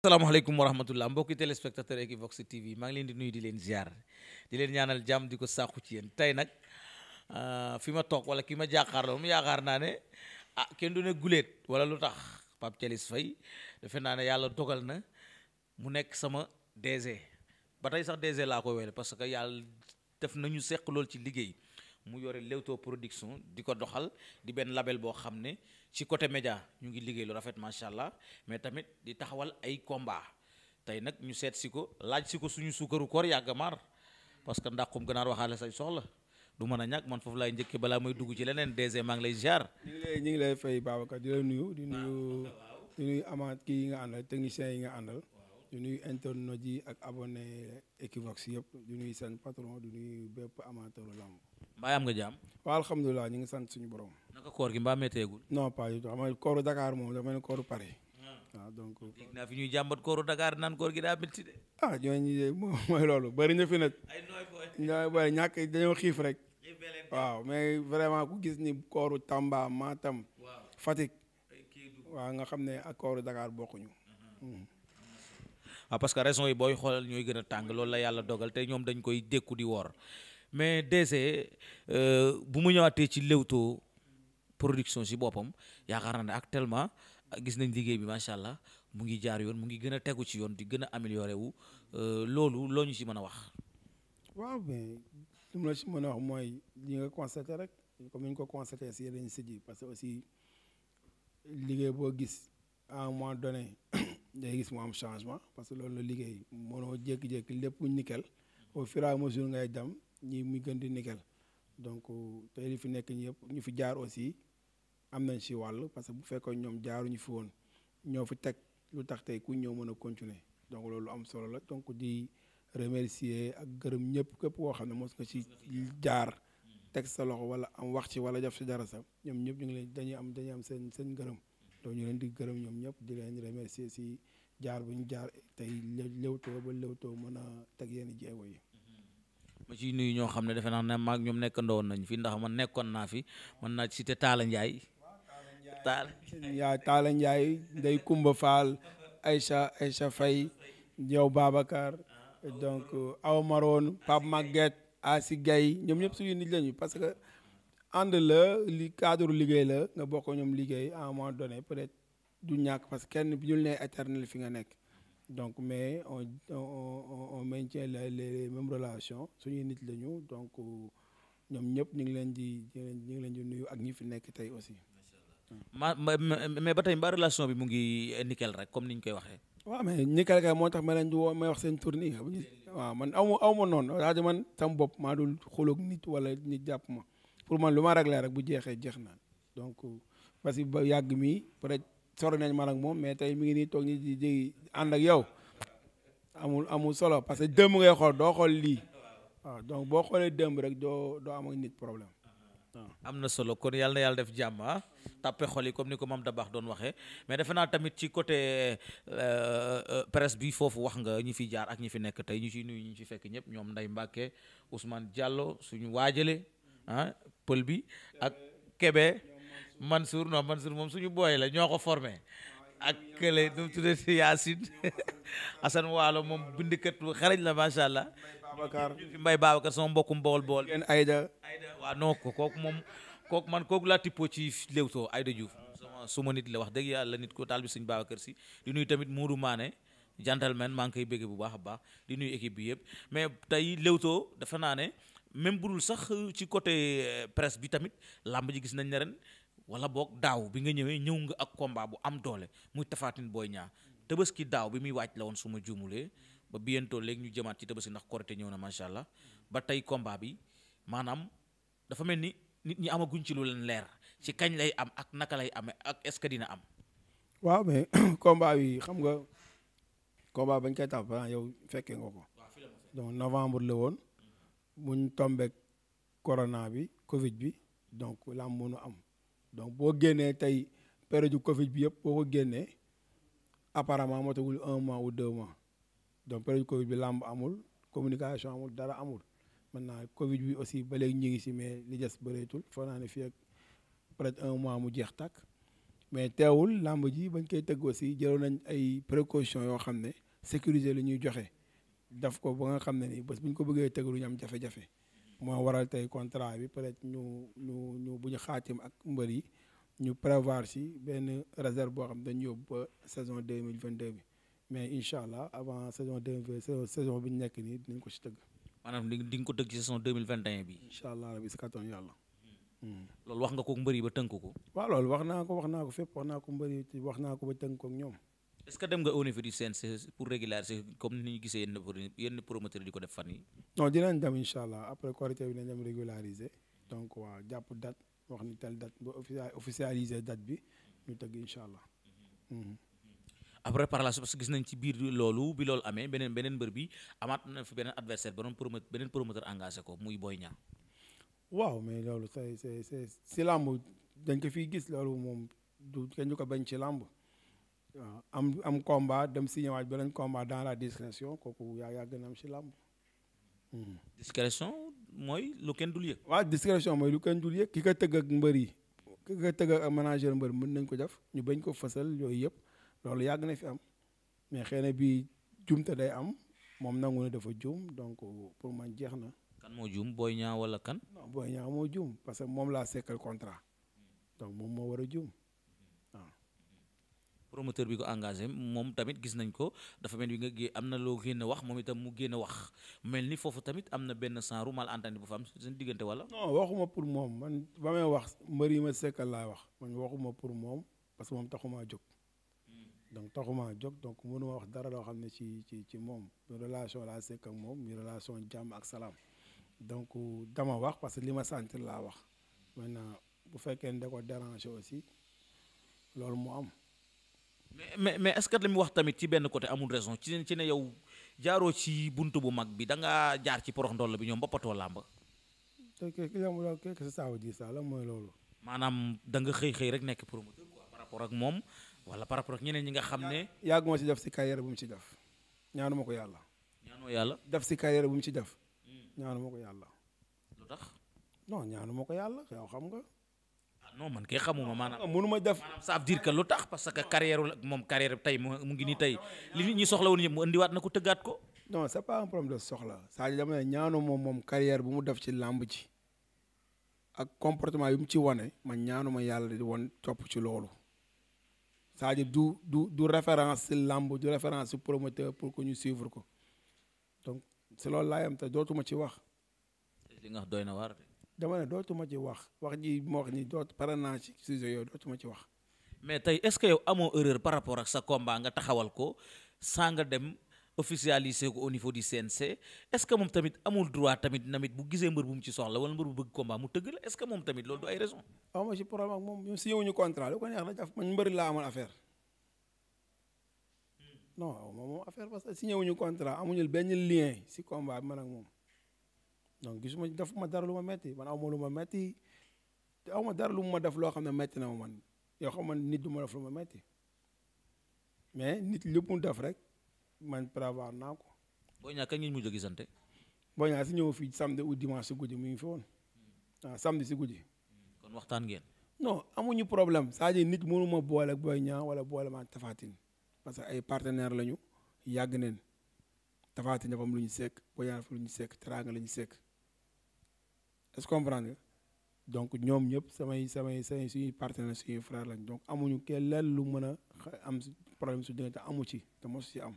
asalaamaaleykum wa rahmatullah mbokki téléspectateur Equivox TV maa ngi leen di nuyu di leen ziar di leen ñaanal jàmm di ko sàkku ci yéen tey nag ah, fi ma toog wala ki ma jàkkaar la mu yaakaar naa ne ah kenn du ne guléet wala lu tax pap Thialis Faye defe naa ne yàlla dogal na mu nekk sama DG ba tey sax DG laa ko wele parce que yàlla def na ñu seq lool ci liggéey mu yore Leewtoo production di ko doxal di benn label boo xam ne ci côté média ñu ngi liggéey lu rafet macha allah mais tamit di taxawal ay combat tey nag ñu seet si ko laaj si ko suñu suukaru koor yàgg maar parce que ndaxum ganaar waxaale say soxla du mën a ñàkk man foofu laay njëkkee balaa may dugg ci leneen DG maa lay ziar. ñu ngi lay ñu ngi lay di la nuyu. di nuyu di nuyu amaat kii yi nga àndal techniciens yi nga àndal. du nuyu internautes yi ak abonné Equivox yëpp du nuyu seen patron du nuyu bépp amateuru lamb. mbaa am nga jàmm. waaw alhamdulilah ñu ngi sant suñu borom. naka koor gi mbaa métteegul. non pas du tout xam nga kooru Dakar moom dafa ne ah. jàmbat kooru Dakar naan koor gi daa métti de. ah ñooñu mooy loolu bëri na fi nag. ay ñàkk dañoo xiif rek. waaw mais vraiment ku gis ni kooru Tamba Matam. waaw Fatick. waa nga xam ne ak kooru Dakar bokkuñu. ah parce que raison yi booy xoolal ñooy gën a tàng loolu la yàlla dogal te ñoom dañ koy dékku di woor mais DG euh, bu mu ñëwaatee ci Leewtoo production si boppam yaakaar naa ne actuellement gis nañ liggéey bi macha allah mu ngi jaar yoon mu ngi gën a tegu ci yoon di gën a amélioré wu euh, loolu loo ñu si mën a wax. waaw mais si mën a wax mooy li nga constaté rek comme ni ñu ko constaté si yeneen site yi parce que aussi liggéey boo gis à un moment day gis mu am changement parce que loolu la liggéey mënoo jékki-jékki lépp nickel au fur et à mesure ngay dem ñi muy gën di nickel donc tey li fi nekk yëpp ñu fi jaar aussi am nañ si wàll parce que bu fekkoon ñoom jaaruñu fi woon ñoo fi teg lu tax tey ku ñëw mën a continuer donc loolu am solo la donc di remercier ak gërëm ñëpp képp koo xam ne mos nga ci jaar teg sa loxo wala am wax ci wala def si dara sax ñoom ñëpp ñu ngi leen dañuy am dañuy am seen seen gërëm donc ñu leen di gërëm ñoom ñëpp di leen remercier si jaar bu ñu jaar tey Leewtoo ba Leewtoo mën a teg yenn jéego yi. ma ciy nuyu ñoo xam ne defe naa ne maag ñoom nekkandoon nañ fi ndax ma nekkoon naa fi mën naa cité te Ndiaye. Talla Ndiaye Talla Ndiaye Ndeye Kumba Fall sa Aïcha Faye yow Babacar donc aw Maroon Pape Maguette Asi Gaye ñoom ñëpp suñu nit lañu parce que. ànd la li cadre liggéey la nga bokk ñoom liggéey à un moment donné peut-être du ñàkk parce que kenn bi ñu ne éternel fi nga nekk donc mais on on on maintient les mêmes suñuy nit la ñu donc ñoom ñëpp ñu ngi leen di ñu ngi leen di nuyu ak ñi fi nekk tey aussi. ma mais ba tey mbaa relation bi mu ngi nickel rek comme ni ñu koy waxee. waaw mais nickel kay moo tax ma leen di woo may wax seen tournée waaw man aw ma noon ma noonu rajo man sama bopp maa dul xooloog nit wala nit jàpp ma. pour man lu ma réglé rek bu jeexee jeex na donc parce que ba yàgg mii peut être sori nañ ma nag moom mais tey mi ngi nii toog ñi di di ànd ak yow amul amul solo parce que démb ngay xool doo xool lii donc boo xoolee dëmb rek doo doo am ak nit problème am na solo kon yàlla na yàlla def jàmm ah tàppe xol yi comme ni ko mam da baax doon waxee mais defe naa tamit ci côté euh, euh, presse bi foofu wax nga ñi fi jaar ak ñi fi nekk tey ñu ciy nuyu ñu ci fekk ñëpp ñoom nday Mbacke Ousmane Diallo suñu ah pël bi ak Kébé Mansour non Mansour moom suñu booy la ñoo ko formé ak kële nu mu tuddee si Yacine Waalo moom bindikat bu xarañ la macha allah. Babacar fi Mbaye Babacar sama mbokkum bool bool. kenn Aïda. Aïda waaw ko man kooku laa tippoo ci Leewtoo Aïda Diouf. suma nit la wax dëgg yàlla nit ko taal bi suñu kër si di nuyu tamit Mourou Mané gentleman man ngi koy bu baax a baax di nuyu équipe bi yëpp mais tey Leewtoo dafa naa ne. même bu dul sax euh, ci côté euh, presse bi tamit làmb ji gis nañ ne ren wala boog daaw bi nga ñëwee ñëw nga ak combat bu am doole muy tafaatin booy ñaa tabaski daaw bi muy wàcc la woon suma ma juumulee ba bientôt léegi ñu jëmaat ci tabaski ndax korite ñëw na macha allah ba tey combat bi maanaam dafa mel ni nit ñi amaguñ ci lu leen leer ci kañ lay am ak naka lay amee ak est-ce que dina am. waaw mais combat bi xam nga combat bañ koy tàmbali yow fekkee nga ko. donc novembre la woon. mu tombeek corona bi Covid bi donc làmb mënu am donc boo génnee tey période Covid bi yëpp boo ko génnee apparemment motagul un mois ou deux mois donc période Covid bi làmb amul communication amul dara amul maintenant Covid bi aussi ba léegi ñu ngi si mais li des bëreetul foog naa ne fii peut-être un mois mu jeex takk mais teewul làmb ji bañ koy tëgg aussi jëloon nañ ay précautions yoo xam ne sécuriser li ñuy joxe. def ko ba nga xam ne ni bés bu ñu ko bëggee tëgg du ñu am jafe-jafe moo waral tey contrat bi peut-être ñu ñu ñu bu ñu xaatim ak mbër yi ñu prévoir si benn réserve boo xam ne dañu yóbbu ba saison deux mille vingt deux bi mais incha allah avant saison deux mille saison ñu nekk nii dinañ ko si tëgg. maanaam di nga ko tëgg si saison deux mille vingt et un bi. incha allah rabi si kattan yàlla. Hmm. loolu wax nga ko mbër yi ba tënk ko. waaw loolu wax naa ko wax naa ko fépp wax naa ko mbër yi wax naa ko ba tënk ko ñoom. est-ce que dem nga au niveau du CNC pour régulariser comme ni ñu gisee yenn yenn promoteurs di ko def fan yi non dinañ dem incha allah après Korité bi nañ dem régulariser donc waaw jàpp date wax ni tel date ba officialiser date bi ñu tëgg incha allah. Mhm. après par la suite parce que gis nañ ci biir loolu bi loolu amee beneen beneen mbër bi amaat na fi beneen adversaire beneen promoteur beneen promoteur engagé ko muy booy Niang. waaw mais loolu c'est c'est c'est làmb dañ gis loolu moom du ñu ko bañ ci làmb. am am combat dem si ñëwaat beneen comba dans la discrétion kooku yaa yaa gën a si làmb. Hmm. mooy lu kenn dul yëg. waaw discrétion mooy lu kenn dul yëg ki ko tëgg ak mbër yi ki ko tëgg ak manager mbër mën nañ ko def ñu bañ ko fësal yooyu yëpp loolu yàgg na fi am mais xëy na bii jumte day am moom nangu ne dafa juum donc pour man jeex na. kan moo juum booy Niang wala kan. non Boy moo juum parce que moom laa sekkal contrat donc moom moo war a juum. promoteur bi ko engagé moom tamit gis nañ ko dafa mel ni nga am na loo génn wax moom itam mu génn wax mel ni foofu tamit am na benn genre malentendu bu fa am seen diggante wala. non waxuma pour moom man ba may wax mbër yi ma sekkal laa wax man waxuma pour moom parce que taxumaa jóg. Hmm. donc taxumaa jóg donc mënuma wax dara loo xam ne ci ci ci moom relation laa sekk ak moom mi relation jàmm ak salaam donc dama wax parce que li ma sentir laa wax maintenant bu fekkee ne da ko déranger aussi loolu mu am. mais mais est-ce que mu wax tamit ci benn côté amul raison ci ne ci ne yow jaaroo ci bunt bu mag bi da ngaa jaar ci porox la bi ñoom boppatoo làmb. te kii kii ça veut dire ça lan maanaam da nga xëy xëy rek nekk promoteur quoi par rapport ak moom wala par rapport ak ñeneen ñi nga xam ne. yàgg moo ci def si carrière bu mu ci def ñaanuma ko yàlla. ñaanoo yàlla. def si carrière bu mu ci def. Hmm. ñaanuma ko yàlla. ñaanuma ko yàlla yow xam nga. non man kay xamuma maanaam mënu ma def maanaam ça veut lu tax parce que carrière moom carrière tey mu ngi nii tey li nit ñi soxla woon yëpp mu indiwaat na ko tëggaat ko. non c'est pas un problème de soxla Sadio dama ne ñaanu moom moom carrière bu mu def ci làmb ji ak comportement yu mu ci wane man ñaanu ma yàlla di won topp ci loolu Sadio du du du référence ci làmb du référence ci promoteur pour que ñu suivre ko donc si loolu laay te dootuma ci wax. li nga wax dama ne dootuma ci wax wax ji moo wax ni doot pare naa ci dootuma ci wax. mais tey est-ce que amoo erreur par rapport ak sa combat nga taxawal ko saa nga dem officialiser ko au niveau du CNC est-ce moom tamit amul droit tamit namit bu gisee mbër bu mu ci soxla wala mbër bu bëgg combat mu tëgg la est-ce que moom tamit loolu du ay raison. waaw ma ci problème ak moom ñun si yowuñu contrat lu ko neex la daf man mbëri laa amoon affaire. Hmm. non moom affaire parce que signé wuñu contrat amuñu benn lien si combat bi man moom donc gisuma def ma dara ma metti man aw ma lu ma metti te aw ma dara lu ma def loo xam ne metti na ma man yoo xam man nit du ma def lu ma metti mais nit lépp mu def rek man prévoir naa ko. booy ñaa kañ ngeen mujj a gisante. booy ñaa si ñëw fii samedi ou dimanche si mu ngi fi woon ah samedi si kon waxtaan ngeen. non amuñu problème cest nit mënu ma boole ak booy ñaa wala boole ma Tapha Tine parce que ay partenaires lañu yàgg neen Tapha Tine lu ñu sek booy ñaa dafa lu ñu sek teraanga la ñu sekk. est-ce donc ñoom ñëpp samay samay samay suñuy partenaire suñuy frère lañ donc amuñu kenn lenn lu mën a am problème su diggante amu ci te mos ci am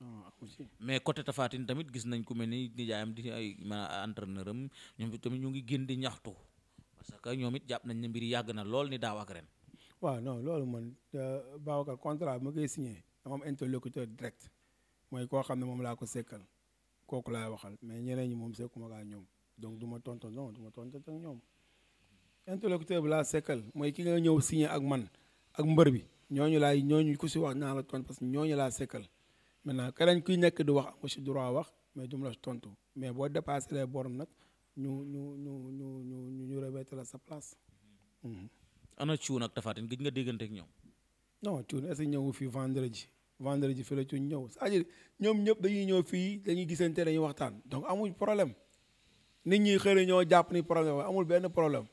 ah, mais côté Tapha Tine tamit gis nañ ku mel ni nijaayam di ay ma entraîneur am ñoom tamit ñu ngi génn di ñaxtu parce que ñoom it jàpp nañ ne mbir yàgg na lool ni daaw ak ren. waaw non loolu man euh, Babacar contrat bi ma koy signé dama am interlocuteur direct mooy koo xam ne moom laa ko sekkal kooku laay waxal mais ñeneen ñi moom sekkuma kaa ñoom. donc du ma tonton non du ma tonton ak ñoom interlocuteur bi laa sekkal mooy ki nga ñëw signé ak man ak mbër bi ñooñu laay ñooñu ku si wax naa la tontu parce que ñooñu laa sekkal maintenant keneen kuy nekk di wax am nga si droit wax mais du ma la tontu mais boo dépassé les bornes nag ñu ñu ñu ñu ñu ñu ñu remettre la sa place. Mhm. ana Thioune ak Tapha Tine gis nga déggante ñoom. non Thioune est-ce que ñëwu fii vendredi vendredi fii la Thioune ñëw c'est-à-dire ñoom ñëpp dañuy ñëw fii dañu gisante dañuy waxtaan donc amuñ problème. nit ñi xëy na ñoo jàpp ni problème waaye amul benn problème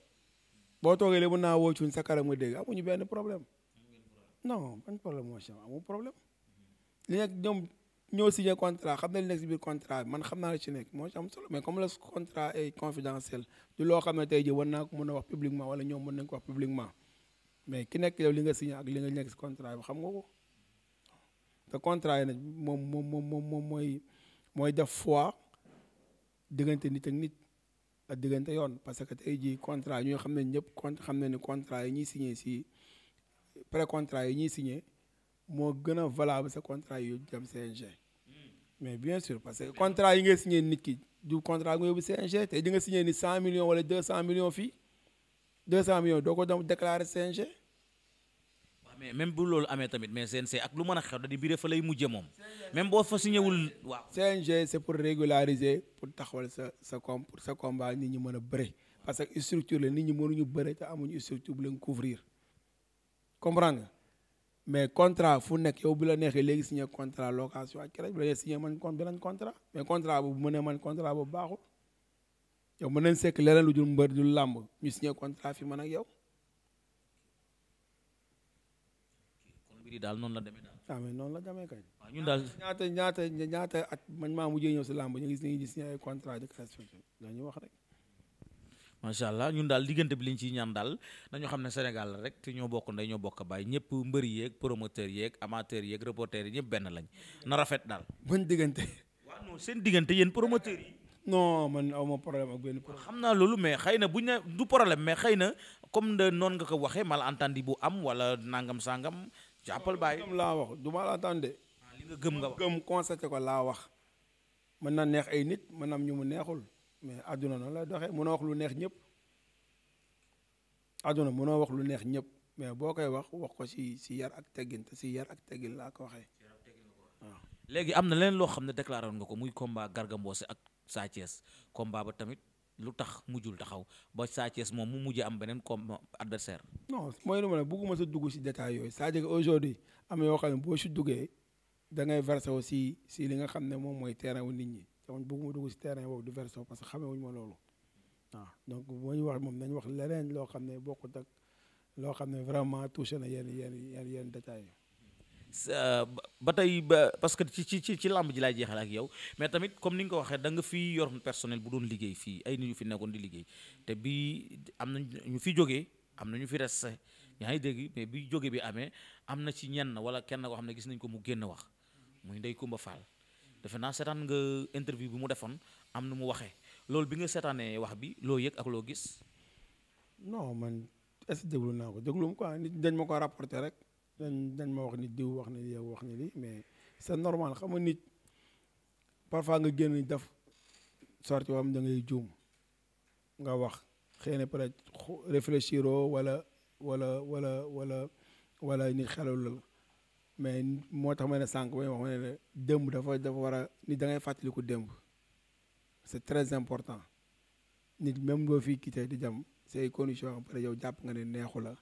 boo toogee léegi mën naa woo cuñ sa kanam nga ñu amuñu benn problème non ban problème moo ci amul problème li nekk ñoom ñoo signé contrat xam na li nekk contrat man xam naa la ci nekk moo ci am solo mais comme le contrat est confidentiel du loo xam ne tey jii war naa ko mën a wax publiquement wala ñoom mën nañ ko wax publiquement mais ki nekk yow li nga signé ak li nga nekk si contrat bi nga ko te contrat yi nag moom moom moom moom mooy mooy def fois diggante nit ak nit ak diggante yoon parce que tey jii contrat ñoo xam ne ñëpp con xam ne ni contrat yi ñuy signé si pré contrat yi ñuy signé moo gën a valable sa contrat yu dem CNG. mais bien sur parce que contrat yi ngay signé nit ki du contrat nga yóbbu CNG tey di nga signé ni 100 millions wala 200 millions fii 200 millions doo ko doon déclarer CNG. mais même bu loolu amee tamit mais CNG ak lu mën a xew da di biir fa lay mujjee moom même boo fa signé wul waaw. CNG c'est pour régulariser pour taxawal sa sa com pour sa combat nit ñi mën a bëre parce que structure la nit ñi mënuñu bëre te amuñu structure bu leen couvrir comprendre nga mais contrat fu nekk yow bu la neexee léegi signé contrat location ak CREC bu la neexee signé man beneen contrat mais contrat boobu mu ne man contrat bu baaxul yow mën nañ sekk leneen lu dul mbër du làmb ñu signé contrat fi ak yow. mbir yi daal noonu la demee daal. waaw ah, mais noonu la demee kay. waaw ñun daal ñaata ñaata ñaata at man maa mujjee ñëw si làmb ñu gis ñu gis ñu ay daal diggante bi liñ ciy ñaan daal nañu xam ne Sénégal la rek te ñoo bokk ndey ñoo bokk baay ñëpp mbër yeeg promoteur yeeg amateur yeeg reporter yi ñëpp benn lañ na rafet daal. buñ diggante. waaw non seen diggante yéen promoteur yi. non man aw ma problème xam naa loolu mais xëy na bu ñu ne du problème mais xëy na comme de noonu nga ko waxee malentendu bu am wala nangam sangam jàppal bàyyi laa wax du ma la tànde ah, li nga gëm nga wax gëm constaté ko laa wax mën na neex ay nit mën na ñu mu neexul mais àdduna noonu lay doxee mënoo wax lu neex ñëpp àdduna mënoo wax lu neex ñëpp mais boo koy wax wax ko si si yar ak teggin te si yar ak teggin laa ko waxee léegi am na leen loo xam ne déclaré woon nga ko muy combat Garga ak Sa Thiès combat ba tamit lu tax mujjul taxaw ba Sa moom mu mujj am beneen kom adversaire non mooy lu ma ne bugguma sa dugg si détail yooyu c'est-à-dire aujourd'hui am yoo xam ne boo si duggee da ngay versé aussi si li nga xam ne moom mooy terrain wu nit ñi donc bugguma dugg si terrain boobu du versé parce que xamewuñu ma loolu waaw donc boo ñu wax moom nañ wax leneen loo xam ne bokkut ak loo xam ne vraiment touché na yenn yenn yenn yenn détails yi ba tey ba parce que ci ci ci làmb ji laay jeexal ak yow mais tamit comme ni nga ko waxee da nga fi yor personnel bu doon liggéey fii ay nit ñu fi nekkoon di liggéey te bii am na ñu fi jógee am na ñu fi resté yaa ngi dégg mais bi jóge bi amee am na ci ñenn wala kenn koo xam gis nañ ko mu génn wax muy Ndeye Coumba Fall defe naa seetaan nga interview bi mu defoon am na mu waxee loolu bi nga seetaanee wax bi loo yëg ak loo gis. non man est-ce que déglu naa ko déglu mu quoi nit dañ ma ko rapporté rek. dañ dañ ma wax nit diw wax ne yow wax ne li mais c'est normal xam nga nit parfois nga génn def sorti wam da ngay juum nga wax xëy na peut être réfléchir wala wala wala wala wala nit xelalul mais moo tax ma ne sànq bay wax ma ne démb dafa dafa war a nit da ngay fàttaliku démb c'est très important nit même boo fii quitté di jam say condition après yow jàpp nga ne neexu la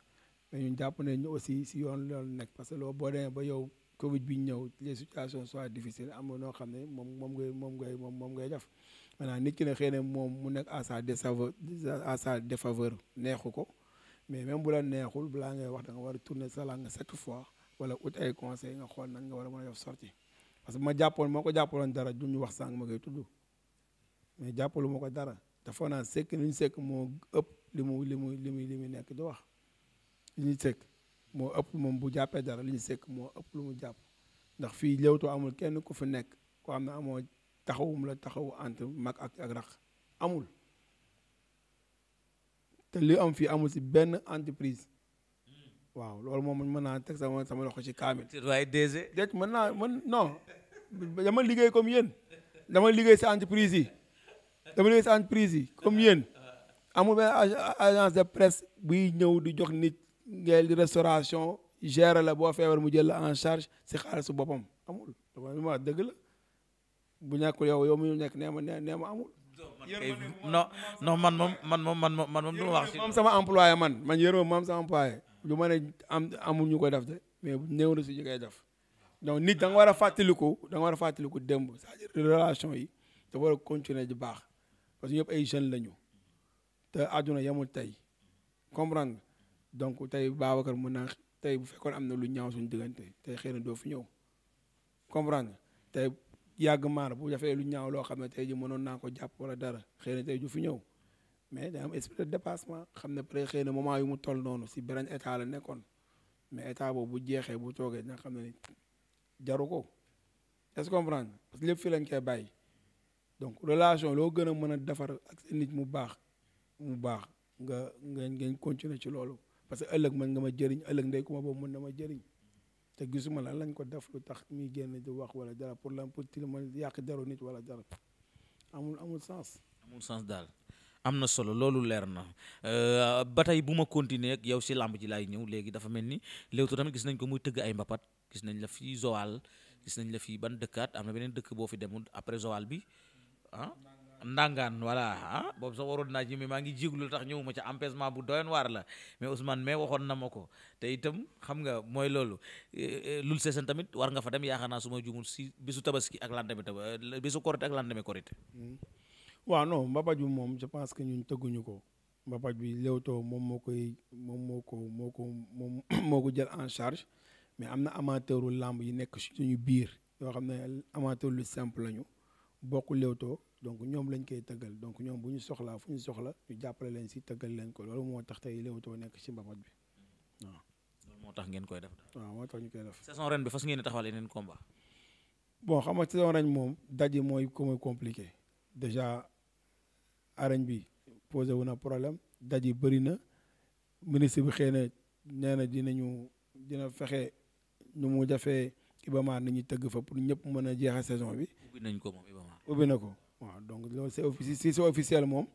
dañu jàpp ne ñu aussi si yoon loolu nekk parce que loo boo ba yow Covid bi ñëw les situations soit difficile am xam ne moom moom ngay moom ngay moom moom ngay def maanaam nit ki ne xëy na moom mu nekk à sa défaveur à sa défaveur neexu ko mais même bu la neexul balaa ngay wax da nga war a tourner sa langue cette fois wala ut ay conseil nga xool nan nga war a mën a sorti parce que ma jàppoon moo ko jàppaloon dara du ñu wax sànq ma koy mais jàppalu ma ko dara te foog naa sekk li moo ëpp li mu li mu li mu li mu nekk di wax li ñuy sekk moo ëpp moom bu jàppee dara li ñuy sekk moo ëpp lu mu jàpp ndax fii to amul kenn ku fi nekk ko xam ne amoo taxawum la taxawu entre mag ak ak amul te li am fii amul si benn entreprise waaw loolu moom mën naa teg sama sama loxo ci kaamil. waaye DG. mën naa mën non dama liggéey comme yéen dama liggéey si entreprise yi dama liggéey si entreprise yi comme yéen amul benn agence de presse buy ñëw di jox nit. ngay restauration gérer la boo feebar mu jël la en charge si xaalisu boppam amul dama dëgg la bu ñàkkul yow yow mu nekk nee ma nee ma amul. Eh, non non man moom man moom man moom man moom du ma wax si. moom sama employé man man yërëm moom sama employé lu ma ne am amul ñu koy def de mais néew na si ñu koy def donc nit da nga war a fàttaliku da nga war a fàttaliku démb c'est-à-dire relation yi te war a continuer di baax parce que ñëpp ay jeunes la ñu te àdduna yemul tey comprendre donc tey Babacar mën naa tey bu fekkoon am na lu ñaaw suñu diggante tey xëy na doo fi ñëw comprendre nga tey yàgg maar bu defee lu ñaaw loo xam ne tey ji mënoon naa ko jàpp wala dara xëy na tey ju fi ñëw mais day am esprit de dépassement ne peut-être xëy na moment yu mu toll noonu si beneen état la nekkoon mais état boobu bu jeexee bu toogee dina xam ne jaru ko est-ce que comprendre parce que lépp fii lañ koy bàyyi donc relation loo gën a mën a defar ak nit mu baax mu baax nga nga ngeen continuer ci loolu parce que ëllëg mën nga ma jëriñ ëllëg ndey kuma boobu mën na ma jëriñ te gisuma la lañ ko def lu tax muy génn di wax wala dara pour lan pour tilima yàq deru nit wala dara amul amul sens. amul sens daal am na solo loolu leer na euh, ba tey bu ma continuer ak yow si làmb ji laay ñëw léegi dafa mel ni Leewtoo tamit gis nañ ko muy tëgg ay mbapat gis nañ la fii Joal gis nañ la fii ban dëkkaat am na beneen dëkk boo fi demul après Joal bi ah. ndangaan voilà ah boobu sax waroon naa ci maa ngi jiglu tax ñëwuma ca empêchement bu doyoon waar la mais Ousmane mais waxoon na ma ko te itam xam nga mooy loolu eh, eh, lul seesen tamit war nga fa dem yaakaar naa su ma si bisu tabaski ak lendemain tabaski bisu korité ak lendemain korité no hmm. non mbabaju moom je pense que ñun tëgguñu ko mbabaj bi Leewtoo moom moo koy moom moo ko moo ko moom moo ko jël en charge mais am na amateuru làmb yi nekk suñu biir yoo xam ne amateur lu simple lañu bokk Leewtoo donc ñoom lañ koy tëggal donc ñoom bu ñu soxlaa fu ñu soxla ñu jàppale leen si tëggal leen ko loolu moo tax tey Leewtoo nekk si mbapat bi waaw. loolu moo tax koy def. waaw ñu koy def. saison ren bi fas ngeen taxawal yeneen combat. bon xam nga saison ren moom daje mooy ko mooy compliqué déjà bi posé wu na problème daje bëri na ministre bi xëy na nee na dinañu dina fexe nu mu jafee Ibamar nañu tëgg fa pour ñëpp mën a jeexal saison bi. nañ ko moom Ibamar ubbi na ko. waaw donc loolu c'est officiel si c'est officiel moom.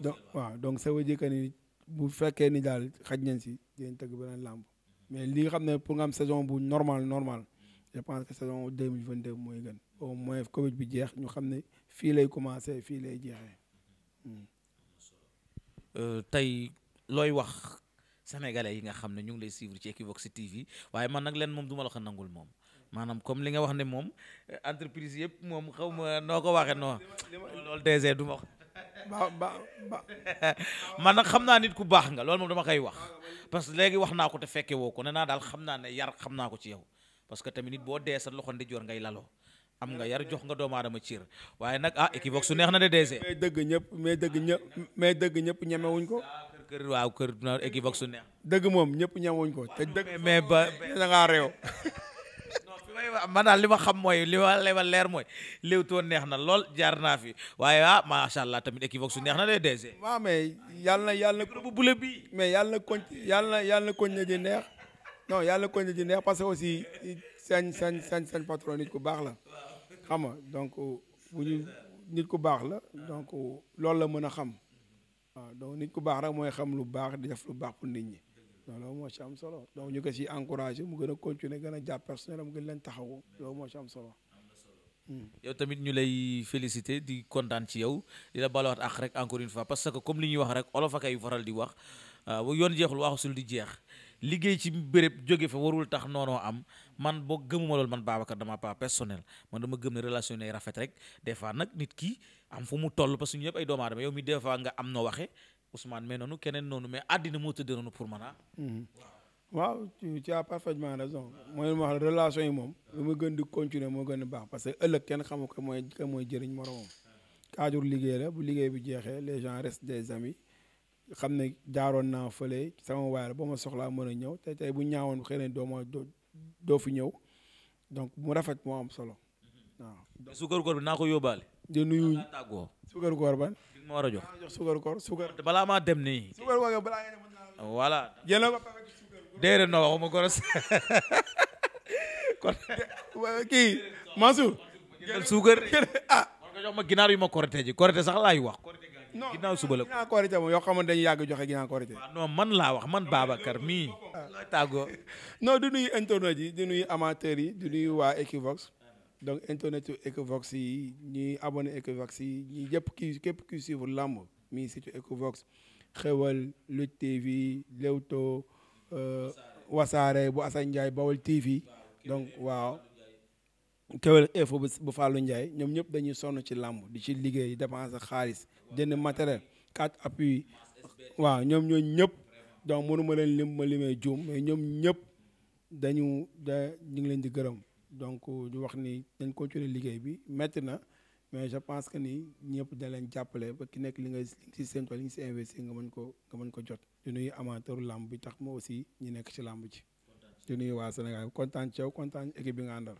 donc waaw donc ça veut ni bu fekkee ni daal xaj nañ si dinañ tëgg beneen làmb mais li nga xam ne pour nga am saison bu normal normal je pense que saison deux mille vingt deux mooy gën au moins Covid bi jeex ñu xam ne fii lay commencé fii lay jeexee. Hmm. Euh, tey looy wax sénégalais yi nga xam ne ñu ngi lay suivre ci Equivox TV waaye man nag leen moom du ma la ko nangul moom. maanaam comme li nga wax ne moom eh, entreprise yëpp moom xaw ma noo ko waxee noo loolu DG du ma wax ba man nag xam naa nit ku baax nga loolu moom dama koy wax parce que léegi wax naa ko te fekke woo ko ne naa daal xam naa ne yar xam naa ko ci yow parce que tamit boo dee sa loxo ndijoor ngay laloo am nga yar jox nga doomu aadama ciir waaye nag ah Equivox su neex na de DG. mais dëgg ñëpp mais dëgg ñëpp mais dëgg ñëpp ñemewuñ ko. kër waaw kër Equivox su neex. dëgg moom ñëpp ñemewuñ ko te dëgg. mais ba da ngaa réew. way waa li ma xam mooy li ma lay leer mooy too neex na lool jaar naa fi waaye ah macha allah tamit Equivox su neex na de DG. waaw mais yàlla na yàlla na bu bule bi mais yàlla na yàlla na yàlla na kon ji neex non yàlla na kon ji neex parce que aussi seen seen seen seen patron nit ku baax la xam nga donc bu ñu nit ku baax la donc loolu la mën a xam waaw donc nit ku baax rek mooy xam lu baax di def lu baax pour nit ñi. loolu moo ci am solo donc ñu ko si encouragé mu gën a continuer gën a jàpp personnel am gën leen taxawu loolu moo ci am solo. Hmm. yow tamit ñu lay féliciter di kontaan ci yow di la balawaat ak rek encore une parce que comme li ñuy wax rek olof ak waral di wax ah, yoon jeexul waxusul di jeex liggéey ci bërëb jóge fa warul tax noonoo am man boo gëmuma loolu man Babacar dama pas personnel man dama gëm ne relation yi rafet rek des fois nag nit kii am fu mu toll parce que ñu ñëpp ay doomu yow mi des fois nga am noo waxe Ousmane mais noonu keneen noonu mais àddina moo tëddee noonu pour man ah. Mhm. waaw tu as parfaitement raison mooy ma wax relation yi moom lu mu gën di continuer moo gën di baax parce que ëllëg kenn xamu ko mooy ko mooy jëriñ moromam. kaajur liggéey la bu liggéey bi jeexee les gens restent des amis xam ne jaaroon naa fële sama waay la ba ma soxlaa mën a ñëw te tey bu ñaawoon xëy na doo ma doo fi ñëw donc mu rafet moo am solo mhm. waaw. sukar koor bi naa ko yóbbaale. di nuyu sukar koor ma war a jox suukar koor suukar balaa maa dem nii voilà déedéet non waxuma goros kon kii Mansour suukar ah ma ginaar yu ma korité ji korité sax laay wax non ginnaaw suba la ginnaaw korité moom yoo xam ne dañuy yàgg joxe ginnaaw man laa wax man Babacar mii ah. tàggoo non du nuyu internet yi du nuyu amateurs yi du nuyu waa Equivox donc internet yu Equivox yi ñuy abonné Equivox yi ñi yëpp kii képp kuy suivre làmb mi surtout Equivox xewal Lutte TV Leewtoo euh, wasaare bu Assane Ndiaye Bawol TV donc waaw kewel info bu Fallou Ndiaye ñoom ñëpp dañuy sonn ci làmb di ci liggéey dépense xaalis jënd matériel quatre appui waaw ñoom ñoo ñëpp donc mënuma leen lim ma limee juum mais ñoom ñëpp dañu da ñu ngi leen di gërëm donc ñu wax ni dañ ko continuer liggéey bi métti na mais je pense que ni ñëpp da leen jàppale ba ki nekk li nga si séntu li nga si investir nga mën ko nga mën ko jot. di nuyu amateuru làmb bi tax ma aussi ñu nekk ci làmb ji. di nuyu waa Sénégal kontaan ci yow kontaan équipe bi nga àndal.